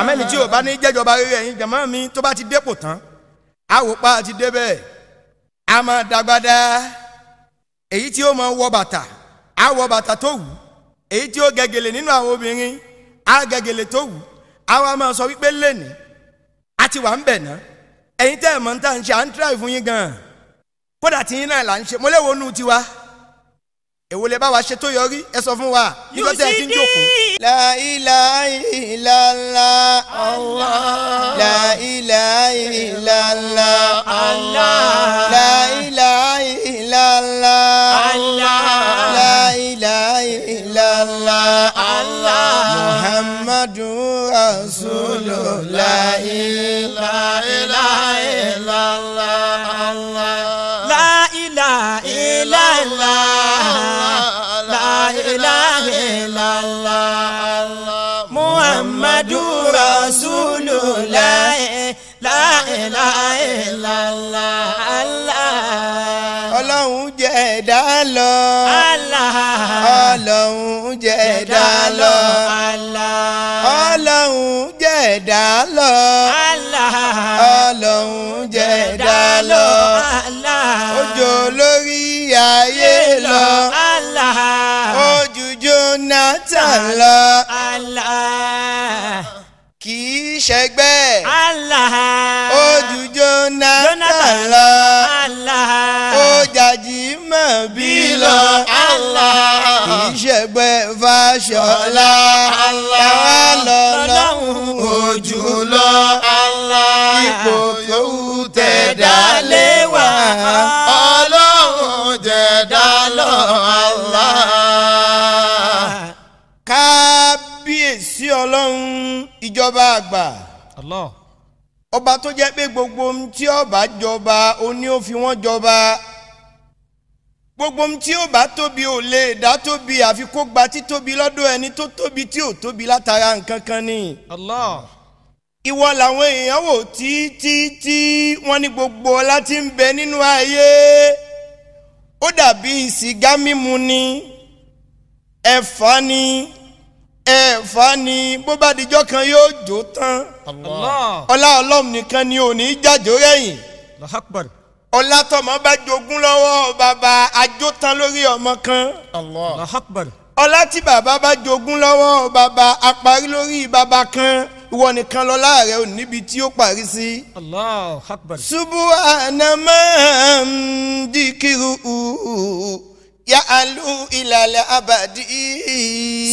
amẹ́ni tí ò bá ní jẹ́jọba rere ẹ̀yin jàmọ́ mi tó bá ti dépò tán àwòpá ti débẹ̀ a máa dàgbàdà èyí tí ó máa wọ bàtà á wọ bàtà tó wù èyí tí ó gẹ̀gẹ̀lẹ̀ nínú àwọn obìnrin á gẹ̀gẹ̀lẹ̀ tó wù á wá máa sọ wípé lẹ́nìí a ti wà ń bẹ̀ ná ẹ̀yin tẹ́ ẹ̀ ń tà ń gan-an kódà tí èwo lè bá wa ṣe tó yọrí ẹ sọ fún wa nígbà tí ẹ ti ń jókòó. la ilaha illallah Allah la ilaha illallah Allah la ilaha illallah Allah la ilaha illallah Allah Muhammadu Rasulullah. ìlàlá ọlọ́run jẹ̀dá lọ ọlọ́run jẹ̀dá lọ ọlọ́run jẹ̀dá lọ ọlọ́run jẹ̀dá lọ ojo lórí ayé lọ ojú Jonathan lọ ṣẹgbẹ́. Allah. ó ju Jonathan lọ. Allah. ó jàjì mọ̀ bí lọ. Allah. kì í ṣẹgbẹ́ Fáṣọlá. Allah. táwa lọ lọ́hùn-ún. ìjọba àgbà Allah ọba tó jẹ́ pé gbogbo ohun tí ọba jọba ó ní fi wọ́n jọba gbogbo ohun tí ó tóbi ò lè dá tóbi àfi gba títóbi lọ́dọ̀ ẹni tó tóbi tí ò tóbi látara nǹkan kan ni. ìwọ làwọn èèyàn wò tí tí tí wọ́n ní gbogbo ọlá tí ń bẹ nínú ayé ó dàbí sìgá mímu ni ẹ̀fà ni ẹ̀fà ni bó bá dijọ́ kan yóò jó tán ọlá ọlọ́run nìkan ni ò ní jájó rẹ̀yìn ọlá tọmọ bá jogún lọ́wọ́ bàbá ajó tán lórí ọmọ kan ọlá tí bàbá bá jogún lọ́wọ́ bàbá apárí lórí bàbá kan ìwọ nìkan lọ láàrẹ òní níbi tí ó parí sí. Allahu Akbar. subu anamandikiri uu. يعلو إلى الأبد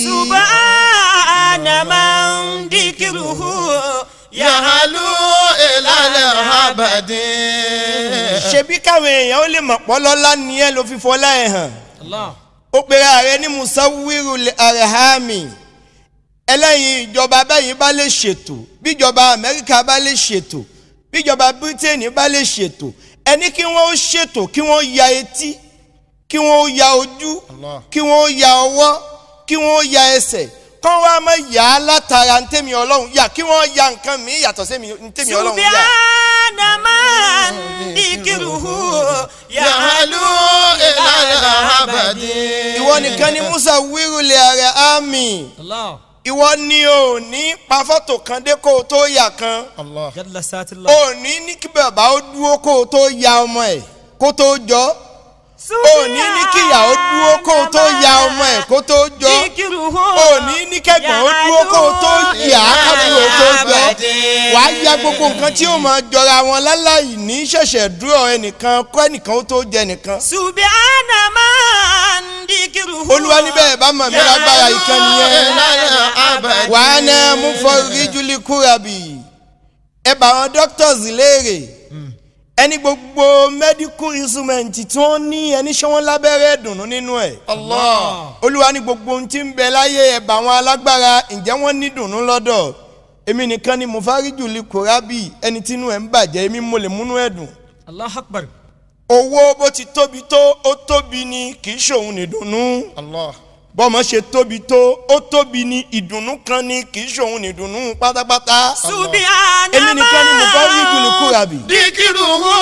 سبحان من ذكره يعلو إلى الأبد ṣebí káwọn èèyàn ó lè mọ̀ pọ́ lọ́lá ni ẹ ló fi fọlá ẹ̀ hàn ó pèrè ààrẹ ní musawiru arahami ẹlẹ́yin ìjọba báyìí bá lè ṣètò bíjọba Amẹ́ríkà bá lè ṣètò bíjọba Bírítéènì bá lè ṣètò ẹni kí wọ́n ṣètò kí wọ́n ya etí kí wọ́n ó ya ojú kí wọ́n ó ya ọwọ́ kí wọ́n ó ya ẹsẹ̀ kán wá má yà látara ntẹ́mi ọlọ́run yà kí wọ́n ya nǹkan mi yàtọ̀ sí ntẹ́mi ọlọ́run yà. ṣùgbọ́n àdàmà ìkìrùhù yàlú ìlànà àbàdì. ìwọ nìkan ni musa wírulẹ̀ ààrẹ àmì ìwọ ni ò ní pa fọ́tò kan dé kó o tó yà kan ò ní ní kí bàbá ó dúró kó o tó ya ọmọ ẹ̀ kó tó jọ́ òní ní kíyàwó dúró kó tó ya ọmọ ẹ̀ kó tó jọ òní ní kẹgbọ́n ó dúró kó tó yà á kábí o tó jọ wàá ya gbogbo nǹkan tí ó máa jọra wọn láláì ní ṣẹ̀ṣẹ̀ dúró ẹnìkan kọ́ ẹnìkan ó tó jẹ nìkan. ṣùgbọ́n àná máa ń di kírun. olúwa níbẹ̀ bá mọ̀ mí lágbára ìkànnì yẹn wàá náà mú fọ́ ríjúlí kúrabì ẹ bá wọn doctors léèrè ẹni gbogbo medical instrument tí wọ́n ní ẹni ṣé wọ́n lábẹ́rẹ́ dùnú nínú ẹ̀. olúwa ní gbogbo ohun tí ń bẹ láyé ẹ̀bà àwọn alágbára ǹjẹ́ wọ́n ní dùnú lọ́dọ̀ èmi nìkan ni mufariju li kurabi ẹni tínú ẹ̀ ń bàjẹ́ èmi mo lè múnú ẹ̀ dùn. Allahu Akbar. owó bó ti tóbi tó ó tóbi ni kì í ṣòun nìdùnnú. Allah bọ́mọ ṣe tóbi tó ó tóbi ni ìdùnnú kan ni kì í ṣòun ní ìdùnnú pátápátá. ṣùgbọ́n èmi nìkan ni mo bá rí ìdùnnú kúra bì. díkìrù hó.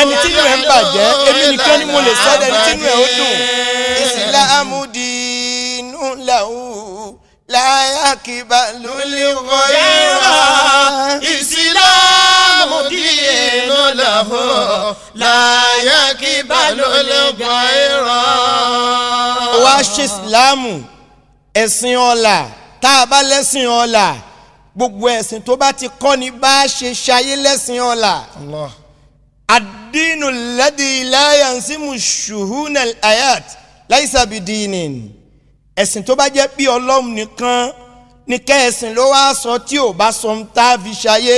ẹni tí inú ẹ̀ ń bàjẹ́ èmi nìkan ni mo lè sọ́dọ̀ ẹni tí inú ẹ̀ ó dùn. ìsìlámù di inú làwù láyà kíba lólè wọ̀nyẹ́rà. ìsìlámù di inú làwù láyà kíba lólè wọ̀nyẹ́rà ṣe ìsìláàmù ẹ̀sìn ọ̀la tá a bá lẹ́sìn ọ̀la gbogbo ẹ̀sìn tó bá ti kọ́ ni bá a ṣe ṣayé lẹ́sìn ọ̀la. àdínú lẹ́dí láyà ń sí mu ṣùhúnà ayat láìsà bí dìínì ẹ̀sìn tó bá jẹ́ pé ọlọ́run nìkan ní kẹ́ẹ̀sìn ló wá sọ tí ò bá sọ ń tá a fi ṣayé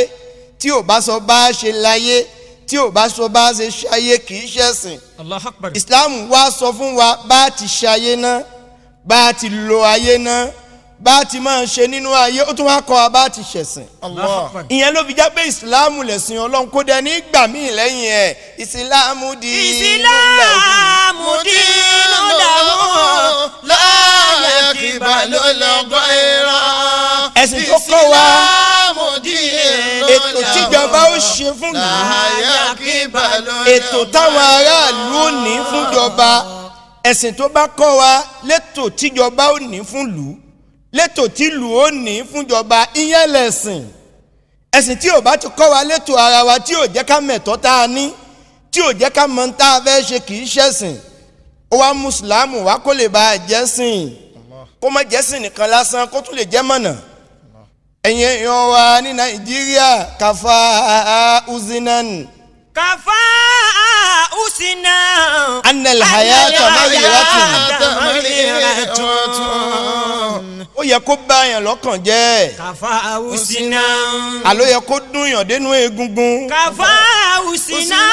tí ò bá sọ bá a ṣe láyé tí ò bá sọ bá ṣe ṣayé kì í ṣẹ̀sìn. Islam wá sọ fún wa bá a ti ṣayé náà bá a ti lo ayé náà bá a ti máa ṣe nínú ayé ó tún wá kọ́ wa bá a ti ṣẹ̀sìn. Allah ìyẹn ló fi já pé ìsìláàmù lẹ̀sìn ọlọ́run kó dẹ ní ìgbà míì lẹ́yìn ẹ̀ ìsìláàmù di Islamu di lọ́wọ́ láàyè kìbà ló lọ́gọ́ ìran. ẹ̀sìn tó kọ́ wa ètò tíjọba ó ṣe fún ìjọba ètò táwọn aráàlú ò ní fún ìjọba ẹ̀sìn tó bá kọ́ wa létò tíjọba ò ní fún ìlú létò tílù ò ní fún ìjọba ìyẹn lẹ̀sìn ẹ̀sìn tí ò bá ti kọ́ wa létò ara wa tí ò jẹ́ ká mẹ̀tọ́ tá a ní tí ò jẹ́ ká mọ̀ tá a fẹ́ ṣe kì í ṣẹ̀sìn ó wá mùsùlámù wá kó lè bá jẹ́sìn kó má jẹ́sìn nìkan lásán kó tún lè jẹ́ mọ̀nà ẹ̀yin èèyàn wa ní nàìjíríà kàfà uzinan. kàfà uzinan. anel hayata mariratun. ó yẹ kó báyàn lọ́kàn jẹ́. kàfà uzinan. àló yẹ kó dúnyàn dénú egungun. kàfà uzinan.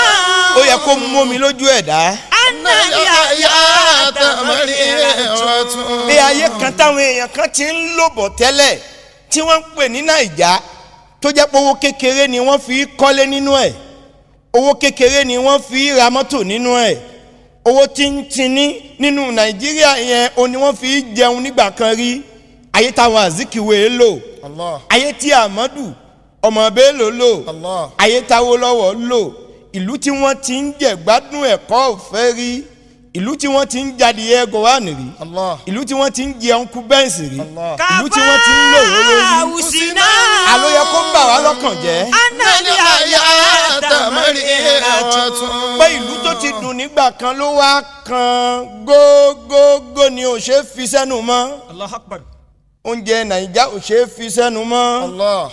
ó yẹ kó mú omi lójú ẹ̀dá. anel hayata mariratun. bí ayé kan táwọn èèyàn kan ti ń lò bọ̀ tẹ́lẹ̀ tí wọ́n ń pè ní nàìjà tó jẹ́ pé owó kékeré ni wọ́n fi kọ́lé nínú ẹ̀ owó kékeré ni wọ́n fi ra mọ́tò nínú ẹ̀ owó tíntìní nínú nàìjíríà yẹn o ni wọ́n fi jẹun nígbà kan rí ayé táwọn azikiwe lò ayé tí amadu ọmọ bello lò ayé táwọn lọ́wọ́ lò ìlú tí wọ́n ti ń jẹ̀gbádùn ẹ̀kọ́ ọ̀fẹ́ rí ìlú tí wọ́n ti ń jáde yẹ gọ̀wánì rí ìlú tí wọ́n ti ń jẹun kú bẹ́ǹsì rí ìlú tí wọ́n ti ń lò wọ́wọ́ rí àlóyẹ kó bà wá lọ́kàn jẹ́. anani aya tamari ẹ̀rọ̀tún. pé ìlú tó ti dùn nígbà kan ló wá kan gógógó ni ò ṣe fi sẹ́nu mọ́. oúnjẹ nàìjà ò ṣe fi sẹ́nu mọ́.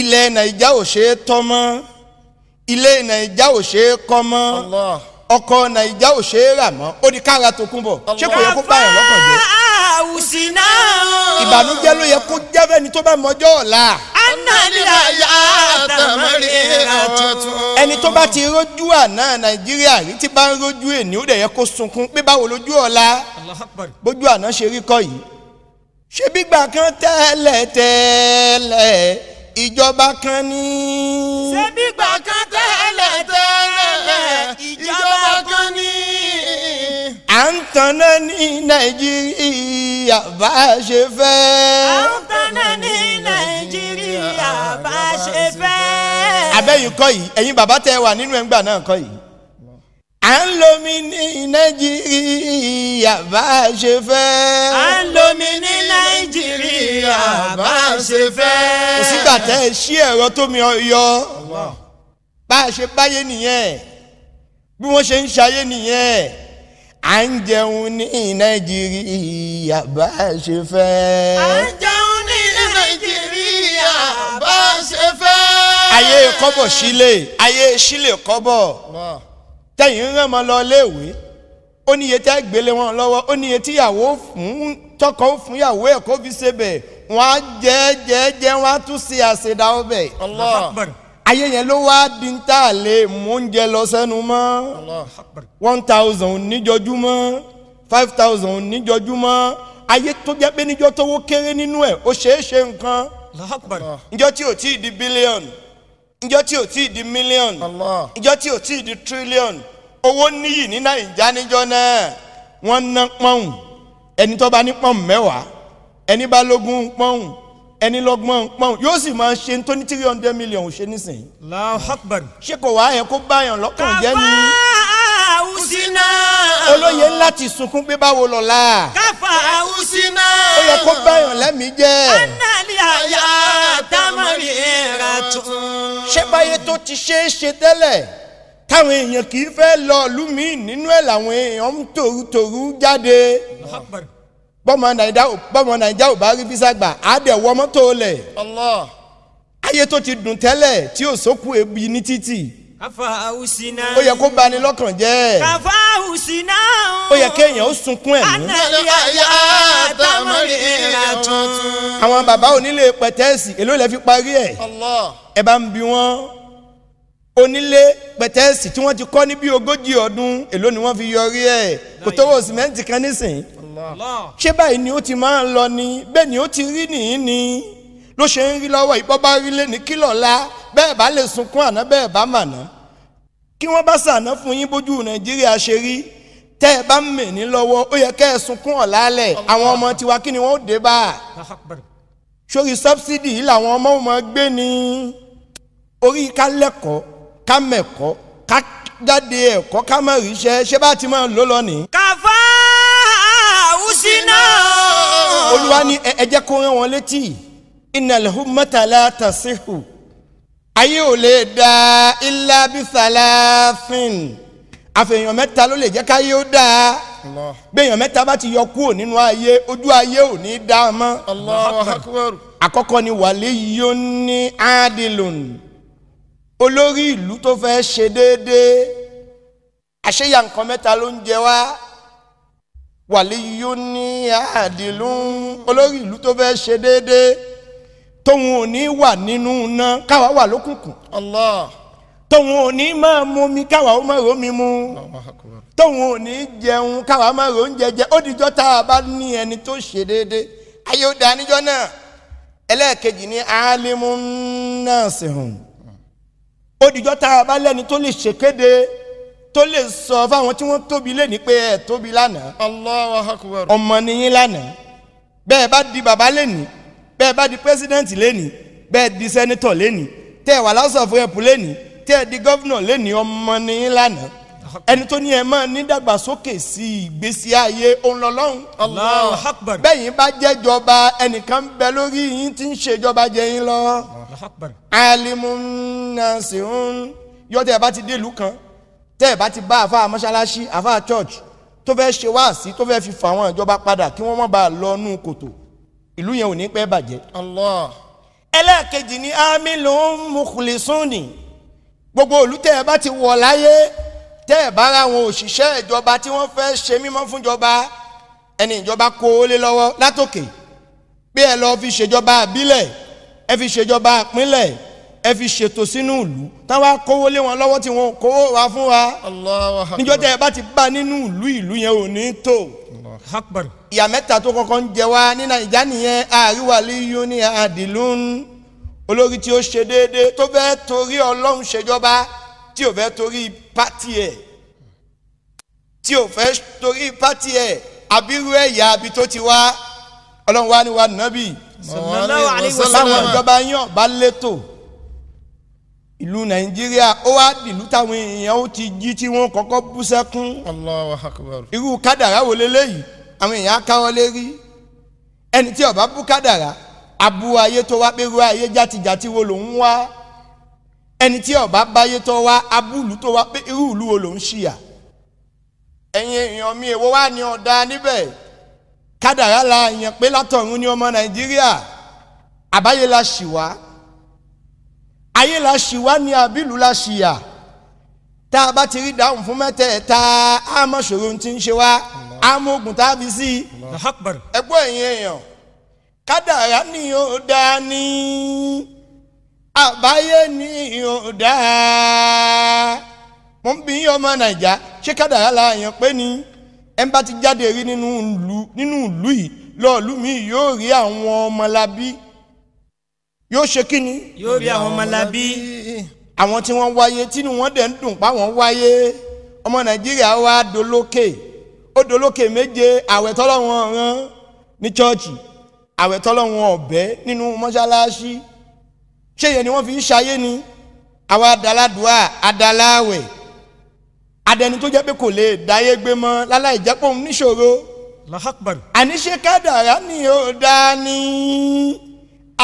ilẹ̀ nàìjà ò ṣe tọ́ mọ́. ilé nàìjà ò ṣe kọ́ mọ́ ọkọ naija ò ṣe é rà mọ́ ó di kára tó kún bọ̀ ṣé kò yẹ kó báyọ̀ lọ́kàn jẹ́. àwùsì náà. ìbànújẹ́ ló yẹ kó jẹ́fẹ́ ni tó bá mọjọ́ ọ̀la. ananira ya tamari atun. ẹni tó bá ti rojú àná nàìjíríà rí ti bá ń rojú èní ó dẹ̀ yẹ kó sunkún pé báwo lójú ọ̀la bójú àná ṣe rí kọ́ yìí. ṣé gbígbà kan tẹ́lẹ̀ tẹ́lẹ̀ ìjọba kan ní. ṣé gbígbà kan tẹ́lẹ̀. tanná ní nàìjíríà bá a ṣe fẹ́. àwọn tanná ní nàìjíríà bá a ṣe fẹ́. abẹ́yìn kọ́ yìí ẹ̀yin bàbá tẹ́ wà nínú ẹ̀ngbà náà kọ́ yìí. à ń lomi ní nàìjíríà bá a ṣe fẹ́. à ń lomi ní nàìjíríà bá a ṣe fẹ́. kò tẹ́ ẹ ṣí ẹ̀rọ tómi yọ bá a ṣe báyé nìyẹn bí wọ́n ṣe ń ṣayé nìyẹn à ń jẹun ní nàìjíríà bá a ṣe fẹ́. à ń jẹun ní nàìjíríà bá a ṣe fẹ́. ayé kọ́bọ̀ sílé ayé sílé kọ́bọ̀ tẹ̀yìn rán mọ́ lọ léèwé ó níye tẹ́ gbélé wọn lọ́wọ́ ó níye tíyàwó fún tọkọ fúnyàwó ẹ̀ kó fi ṣe bẹ̀ wọ́n á jẹ́ jẹ́ jẹ́ wọ́n á tún ṣe àṣedá ọbẹ̀. Allah ayé yẹn ló wá di ń tà lé mò ń lọ sẹ́nu mọ́ one thousand níjọjúmọ́ five thousand níjọjúmọ́ ayé tó jẹ́ pé níjọ́ tówó kéré nínú ẹ̀ ó ṣeé ṣe nǹkan níjọ́ tí ò tí ì di bílíọ̀nù níjọ́ tí ò tí ì di mílíọ̀nù níjọ́ tí ò tí ì di tírílíọ̀nù owó níyì ní nàìjíríà níjọ́ náà wọ́n ná pọ́ùn ẹni tó bá ní pọ́ùn mẹ́wàá ẹni bá lógún pọ́ùn ẹni lọ́gbọ́n pọ́n yóò sì máa ṣe tó ní three hundred million ṣe nísìnyí. Allahu Akbar. ṣé kò wá yẹn kó báyàn lọ́kàn jẹ́ ni. káfá àwùsínà. olóye ńlá ti sunkún pé báwo lọ́la. káfá àwùsínà. ó yẹ kó báyàn lẹ́mìí jẹ́. anali aya tamari era tun. ṣé báyé tó ti ṣe é ṣe tẹ́lẹ̀ táwọn èèyàn kì í fẹ́ lọ lùmí nínú ẹ̀ làwọn èèyàn ń tòrútòrú jáde. Allahu Akbar bọ́mọ nàìjà bọ́mọ nàìjà ò bá rí fisa gbà á dẹ̀ wọ mọ́tò lẹ̀. Allah. ayé tó ti dùn tẹ́lẹ̀ tí ò sókù ebi ní títì. káfa àwùsí náà. ó yẹ kó bani lọ́kàn jẹ́. káfa àwùsí náà. ó yẹ kéèyàn ó sunkún ẹ̀mí. àtàlẹ́ àyà àtàmọ́lẹ́ ìlà tuntun. àwọn bàbá onílé pẹ̀tẹ́ẹ̀sì èló lẹ fi parí ẹ̀. Allah. ẹ bá ń bi wọn onílé pẹ̀tẹ́ẹ̀sì tí wọ́n ti kọ́ ní bí ogójì ọdún èló ni wọ́n fi yọrí ẹ̀ kò tówó sìmẹ́ǹtì kan nísìnyí ṣé báyìí ni ó ti máa ń lọ ni bẹ́ẹ̀ ni ó ti rí nìyí ni ló ṣe ń rí lọ́wọ́ ìbọn bá rí lé ní kílọ̀ la bẹ́ẹ̀ bá lè sunkún àná bẹ́ẹ̀ bá màná kí wọ́n bá sàná fún yín bójú nàìjíríà ṣe rí tẹ́ ẹ bá ń mè ní lọ́wọ́ ó yẹ kẹ́ ẹ sunkún ọ̀làálẹ̀ àwọn ọmọ tiwa kí ni wọ́n ó dé bá a sórí sọ́bsidì yìí làwọn ọmọ ọmọ gbé ni orí ká lẹ́kọ̀ọ́ ká mẹ̀kọ́ ká jáde ẹ̀kọ́ ká má ríṣẹ́ ṣé bá ti máa lò lọ nìyí síná. olúwa ni ẹ kó rán wọn létí innal hummata la tasihu ayé ò lè da illa bi àfẹ̀yàn mẹ́ta ló lè jẹ́ káyé ó dáa gbẹ̀yàn mẹ́ta bá ti yọ kúrò nínú ayé ojú ayé ò ní dá mọ́. Allahu Akbar. àkọ́kọ́ ni waliyyun ni adilun olórí ìlú tó fẹ́ ṣe déédéé àṣeyà nǹkan mẹ́ta ló ń jẹ wá wàlíyó ní àdìlú olórí ìlú tó fẹ́ ṣe déédéé tóun ò ní wà nínú iná káwa wà lókùnkùn Allah tóun ò ní máa mú mi káwa ó máa rómi mu tóun ò ní jẹun káwa máa rò ń jẹjẹ ó dìjọ́ tá a bá ní ẹni tó ṣe déédéé ayé ó da náà ẹlẹ́ẹ̀kejì ní alimu náà sẹ̀hùn ó dìjọ́ tá a bá lẹ́ni tó lè ṣèkéde tó lè sọ fáwọn tí wọ́n tóbi lẹ́ni pé ẹ tóbi lánàá. Allahu Akbar. ọmọ nìyín lánàá bẹ́ẹ̀ bá di bàbá lẹ́ni bẹ́ẹ̀ bá di pẹ́sidẹ́ǹtì lẹ́ni bẹ́ẹ̀ di sẹ́nitọ̀ lẹ́ni tẹ́ ẹ wà lásán fún ẹ̀pù lẹ́ni tẹ́ ẹ di gọ́vnọ̀ lẹ́ni ọmọ nìyín lánàá ẹni tó ní ẹ máa ní dàgbàsókè sí ìgbésí ayé ọlọ́lọ́hún. Allahu Akbar. bẹ́yìn bá jẹ́jọba yín bá tẹ́ ẹ̀ bá ti bá àfa mọ́ṣáláṣí àfa church tó fẹ́ ṣe wáàsí tó fẹ́ fi fà àwọn ìjọba padà kí wọ́n má bàa lọ nú kòtò ìlú yẹn ò ní pẹ́ bàjẹ́. Allah. ẹlẹ́ẹ̀kejì ni amílù mukhlisuni gbogbo ìlú tẹ́ ẹ bá ti wọ̀ láyé tẹ́ ẹ bá ra àwọn òṣìṣẹ́ ìjọba tí wọ́n fẹ́ ṣe mímọ́ fúnjọba ẹni ìjọba kó o lé lọ́wọ́ látòkè bí ẹ lọ fi ṣèjọba àbílẹ̀ ẹ fi ṣèjọba àpínlẹ̀ ẹ fi ṣètò sínú ìlú táwa kówó lé wọn lọ́wọ́ tí wọn kówó wá fún wa níjọ́ tẹ́ ẹ bá ti bá nínú ìlú ìlú yẹn ò ní tó ìyá mẹ́ta tó kọ́kọ́ ń jẹ wá ní nàìjíríà nìyẹn àríwá líyún ní àdìlún olórí tí ó ṣe déédéé tó fẹ́ torí ọlọ́run ṣèjọba tí ò fẹ́ torí pátì ẹ̀ tí ò fẹ́ torí pátì ẹ̀ abirú ẹ̀yà àbí tó ti wá ọlọ́run wá ní wa nàbì báwọn ìjọba yàn bá létò ìlú nàìjíríà ó wá dìlú táwọn èèyàn ó ti jí tí wọ́n kọ́kọ́ bú sẹ́kún Allahu akbar irú kádàrá wo leléyìí àwọn èèyàn á káwọ́ lérí ẹni tí ó bá bú kádàrá abu ayé tó wá pé ru ayé játijàti wo ló ń wá ẹni tí ó bá báyé tó wá abúlù tó wá pé irú ìlú wo ló ṣìyà ẹ̀yin èèyàn mi èwo wá ní ọ̀dà níbẹ̀ kádàrá la yàn pé látọ̀run ní ọmọ nàìjíríà àbáyé la ṣì wá ayé la ṣì wá ní abílù la ṣì yà tá a bá ti rí dáhùn fún mẹ́tẹ̀ẹ̀ta á mọ̀ ṣòro ti ń ṣe wá á mú oògùn tá a fi sí i. ẹgbọ́n ẹ̀yin èèyàn kádàrá ni ó dá ní àbáyé ni ó dá mo ń bí ọmọ nàìjà ṣé kádàrá la yàn pé ni ẹ bá ti jáde rí nínú ìlú yìí lọ́ọ̀lú mi yóò rí àwọn ọmọlábí yóò ṣe kí ni. yóò rí àwọn ọmọlábí. àwọn tí wọ́n wáyé tínú wọn dẹ̀ ń dùn pa wọ́n wáyé ọmọ nàìjíríà wá dolókè ó dolókè méje àwẹ̀ tọ́lọ́wọ́n rán ní chọ́ọ̀chì àwẹ̀ tọ́lọ́wọ́n ọ̀bẹ nínú mọ́ṣáláṣí ṣé yẹn ni wọ́n fi ń ṣayé ni àwa adaládùá adaláwẹ̀ adẹni tó jẹ́ pé kò lè dáyé gbé mọ́ láláì jẹ́ pòun níṣòro àníṣe kádàrá ni ó dá ní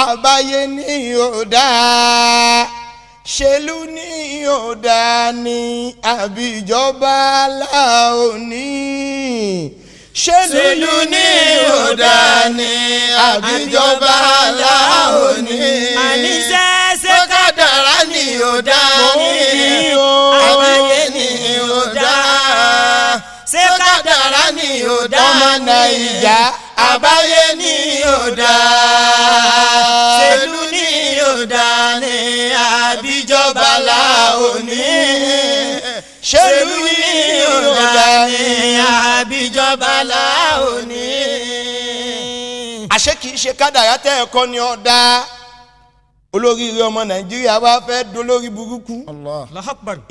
àbáyé ní òdà ṣèlú ní òdà ni àbíjọba láòní. ṣèlú ní òdà ni àbíjọba láòní. àníṣe ṣe kádàrá ní òdà ni àbáyé ní òdà ṣe kádàrá ní òdà ni àbáyé ní òdà. abala òní. àṣé kìí ṣe kádàrá tẹ́ ẹ̀kọ́ ni ó olóríire ọmọ nàìjíríà wa fẹ́ dolórí burúkú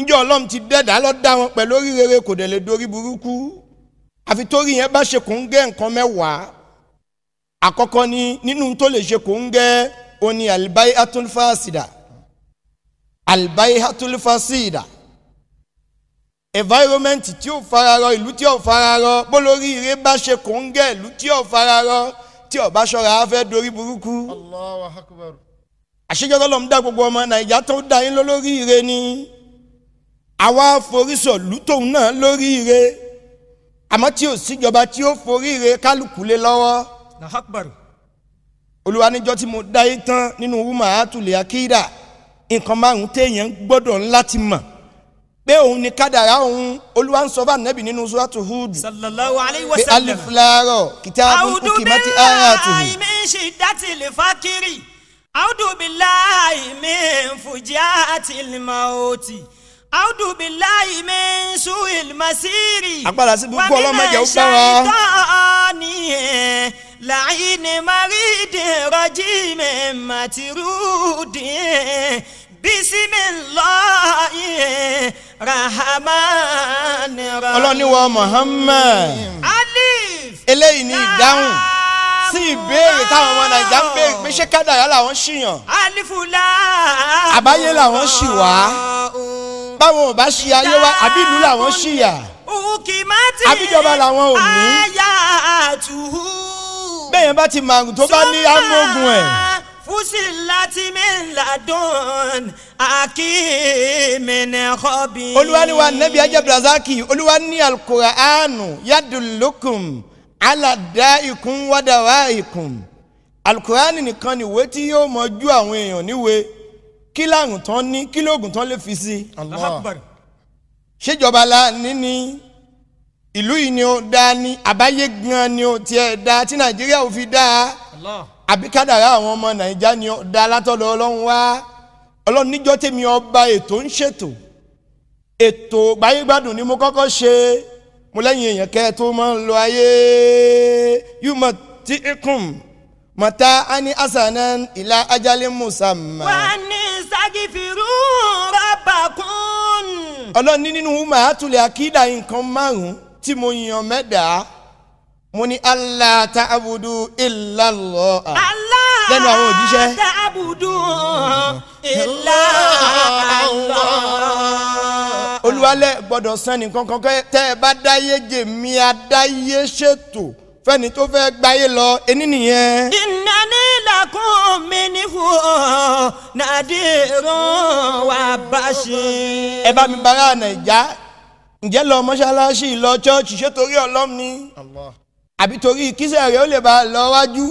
njẹ́ ọlọ́run ti dẹ́dá lọ wọn pẹ̀lú oríire kò dẹ̀ lè dorí burúkú àfi torí yẹn bá ṣe kò ń gẹ́ nǹkan mẹ́wàá àkọ́kọ́ ni nínú tó lè ṣe kò ń gẹ́ oní albayi atulfasida albayi atulfasida. Al environment tí ò fararọ ìlú tí ò fararọ bólórí ire bá ṣe kòńgẹ́ ìlú tí ò fararọ tí ọba ṣọ́ra á fẹ́ dorí burúkú. Allahu Akbar. àṣejọ́ tọ́lọ́mù dá gbogbo ọmọ nàìjà tó dá yín lólórí ire ni àwa forísọ lùtòun náà lórí ire àmọ́ tí ò síjọba tí ó forí ire kálukú lé lọ́wọ́. Allahu Akbar. olúwa níjọ́ tí mo dá yín tán nínú wúmọ̀ àtúlẹ̀ akídà nǹkan márùn-ún téèyàn gbọ́dọ̀ ńlá ti mọ̀ pé òun ni kádàrá òun olúwa ń sọ fún ànábì nínú suratu Hud. sallallahu alayhi wa sallam. pé alifilaro kìtàbù kùkìmọ́tì ara àtùhù. àwùdùbíláì mi ń ṣì dátì lè fa kiri àwùdùbíláì mi ń fùjá àti ìlmọ̀ òtì àwùdùbíláì mi ń sú ìlmọ̀sírì. àpàlà sí gbogbo ọlọ́mọdé ó pẹ́ láì ní marídìí rọ́jí mi màtírù bisimilayi rahamani rahim. ọlọ́niwọ̀ muhammed. alif. eléyìí ni ìdáhùn sí ìbéèrè táwọn ọmọ nàìjíríà ń béèrè pé ṣé kádàrá làwọn ṣìyàn. alifula. àbáyé làwọn ṣì wá. báwọn ò bá ṣe ayé wa àbí ìlú làwọn ṣìyà. ukimati àbíjọba làwọn ò ní. ayatuhu. bẹ́ẹ̀ yẹn bá ti màrùn tó bá ní amóògùn ẹ̀ fusilati min ladun akimene kọbi. olúwani wa nabi ajabrazaki olúwani alukuraanu yadulukum aladaikum wadawaikum alukuraani nìkan ni ìwé tí yóò mọ ju àwọn èèyàn níwe kí láàrùn tán ní kí lóògùn tán lè fi sí. ṣèjọba la níní ìlú yìí ni ó dáa ní àbáyé gan ni ó tiẹ̀ dáa tí nàìjíríà ò fi dáa àbí kádàrá àwọn ọmọ nàìjíríà ni dá látọ̀dọ̀ ọlọ́run wá ọlọ́run níjọ́ tèmi ọba ètò ń ṣètò ètò gbáyégbádùn ni mo kọ́kọ́ ṣe mo lẹ́yìn èèyàn kẹ́ tó máa ń lọ ayé yóò mọ̀ tí ikùn mọ̀tá ani asana ìlà ajali musamman. wà á ní sáàjì fìrú rọ́bà kún. ọlọ́run ní nínú màá tulẹ̀ akídà nǹkan márùn-ún tí mo yàn mẹ́dàá mo ní allah ta abudu illallah. allah lẹ́nu àwọn òjíṣẹ́. ta abudu illallah. olúwalẹ̀ gbọ́dọ̀ san nìkan kankan tẹ́ ẹ bá dáyé jè mí adáyé ṣètò fẹ́ni tó fẹ́ gbáyé lọ ení nìyẹn. ìnáni làkún mi ní fún nàdìrún wà bá ṣe. ẹ bá mi bára nàìjà ǹjẹ́ lọ mọ́ṣáláṣí lọ ṣọ́ọ̀ṣì ṣé torí ọlọ́run Allah àbí torí kíṣẹ́ rẹ̀ ó lè bá lọ wájú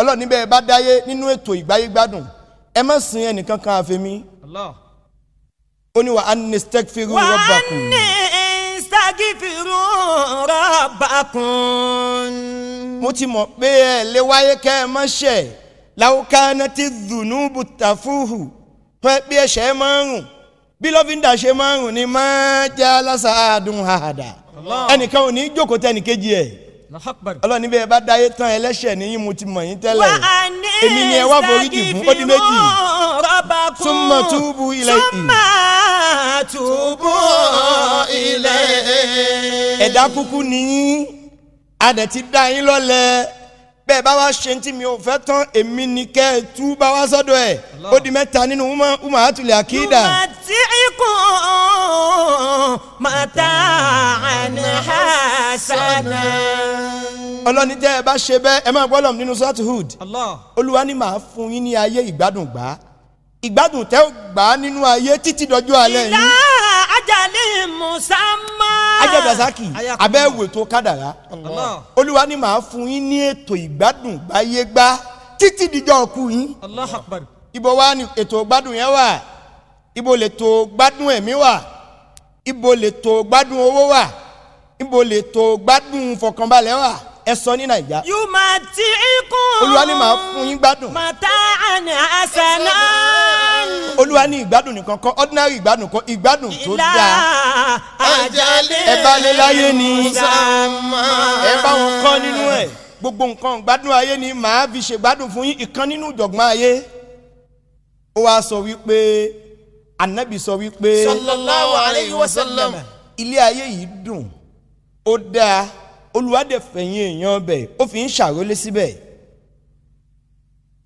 ọlọ́run níbẹ̀ bá dáyé nínú ètò ìgbáyé gbádùn ẹ má sin ẹnìkan kan àfẹ́mi. ó ní wa anistagfiru rabbakum. wa anistagfiru rabbakum. mo ti mọ̀ pé ẹ lè wáyé kẹ́ ẹ má ṣẹ̀ láwùkánná ti dùnú bùtàfúhù pé bí ẹ̀ṣẹ̀ máa ń rùn bí lọ́fíńdà ṣe máa ń rùn ni máa jẹ́ aláṣà àdùn àdà ẹnìkan ò ní jókòó tẹ́nìkejì ẹ̀ ọlọ́run níbẹ̀ bá dáyé tán ẹlẹ́ṣẹ̀ ní yín mo ti mọ̀ yín tẹ́lẹ̀ èmi ni ẹ wá foríjì fún ó méjì súnmọ́ túbú ilẹ̀ yìí. súnmọ́ túbú ilẹ̀ yìí. ẹ̀dá kúkú nìyí adẹ̀ ti dá yín lọ́lẹ̀ bẹ́ẹ̀ bá wá ṣe tí mi ò fẹ́ tán èmi ni kẹ́ ẹ tú bá wá sọ́dọ̀ ẹ̀ ó di mẹ́ta nínú umar atulẹ̀ akida. yóò ti kún mata anahasana. ọlọ́ni tẹ́ ẹ bá ṣe bẹ́ẹ̀ ẹ máa gbọ́ nínú sọ́ọ̀tù olúwa ni màá fún yín ní ayé ìgbádùn gbà ìgbádùn tẹ́ ò gbà nínú ayé títí dọjọ́ alẹ́ yìí ajalin musamma. ajabasaki abẹ́ wètò kádàrá olúwa ni màá fún yín ní ètò ìgbádùn gbáyégbá títí dijọ́ ọkù yín. Allahu Akbar. ibo wa ni ètò gbádùn yẹn wà ibo lè tó gbádùn ẹ̀mí wà ibo lè tó gbádùn owó wà ibo lè tó gbádùn fọkànbalẹ̀ wà ẹ sọ ní nàìjà. yóò máa ti ikú. olúwa ni màá fún yín gbádùn. màtá àná àṣà náà olúwa ní ìgbádùn nìkan kọ́ ordinary ìgbádùn kọ́ ìgbádùn tó dáa ẹ bá lé láyé ni ẹ bá wọn kọ́ nínú ẹ̀ gbogbo nǹkan gbádùn ayé ni màá fi ṣègbádùn fún yín ìkan nínú ìjọ̀gbọ́n ayé ó wá sọ wípé anabi sọ wípé sallallahu alayhi wa sallam ilé ayé yìí dùn ó dáa olùwádẹ fẹ̀yìn èèyàn ọbẹ̀ ó fi ń ṣàrólé síbẹ̀. Si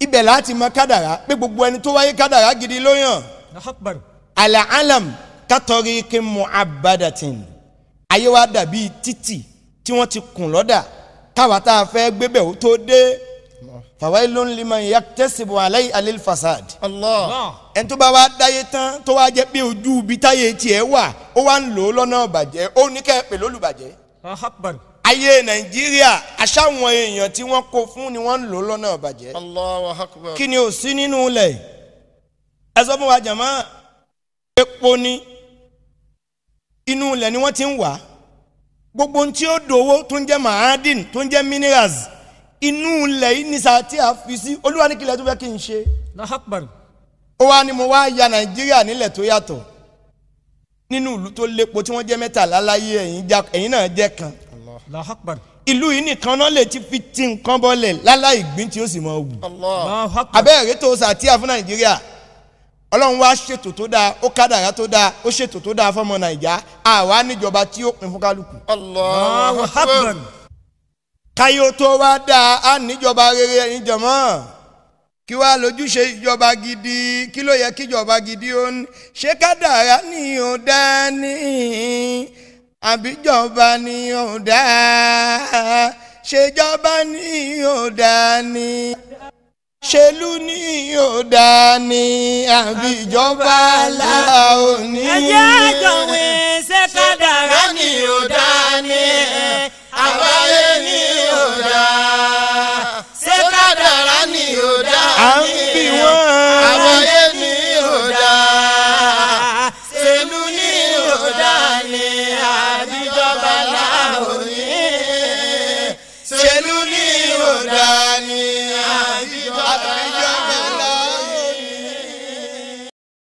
ibẹ̀ láti mọ kádàrá pé gbogbo ẹni tó wáyé kádàrá gidi ló yàn. àlà alam kátọ́rí kí mu abadatin ayé wa dàbí títì tí wọ́n ti kùn lọ́dà táwa tá a fẹ́ gbébẹ̀ ó tó dé fawailun liman yaktasibu alayhi alil fasad. Allah. ẹni tó bá wá dáyé tán tó wá jẹ́ pé ojú ibi tiẹ̀ wà ó wá ń lò ó lọ́nà ọ̀bàjẹ́ ó ní kẹ́ ẹ pè ayé nàìjíríà aṣáwọn èèyàn tí wọn kó fún ni wọ́n lò lọ́nà ọ̀bàjẹ́. kí ni ò sí nínú ilẹ̀ ẹ sọ fún wa ni inú ilẹ̀ ni wọ́n ti ń wà gbogbo ohun tí ó dòwó tó ń jẹ́ mahadin tó ń jẹ́ minerals inú ilẹ̀ yìí a fi olúwa ní kílẹ̀ tó fẹ́ kí n ṣe. ó wá ní mo wá ya nàìjíríà nílẹ̀ tó yàtọ̀ nínú ìlú tó lépo tí wọ́n jẹ́ ìlú yìí nìkan náà lè ti fi ti nǹkan bọ́lẹ̀ láláì gbìn tí ó sì máa wù. abẹ́ ìrètò sàtíà fún nàìjíríà ọlọ́run wá ṣètò tó dáa ó kádàrá tó dáa ó ṣètò tó dáa fọmọ nàìjà àwa níjọba tí ó pin fún kálukú. káyọ̀ tó wá dáa á níjọba rere níjọmọ́ kí wàá lójúṣe ìjọba gidi kí ló yẹ kíjọba gidi ó ń ṣe kádàrá ni ó dání àbíjọba ni ò dáa ṣèjọba ni ò dáa ni ṣèlú ni ò dáa ni àbíjọba làá ò ní. ẹjẹ́ àjọwìn ṣé kádàrá ni ò dáa ni àbáyé ni ò dáa ṣé kádàrá ni ò dáa ni. à ń bí wọ́n.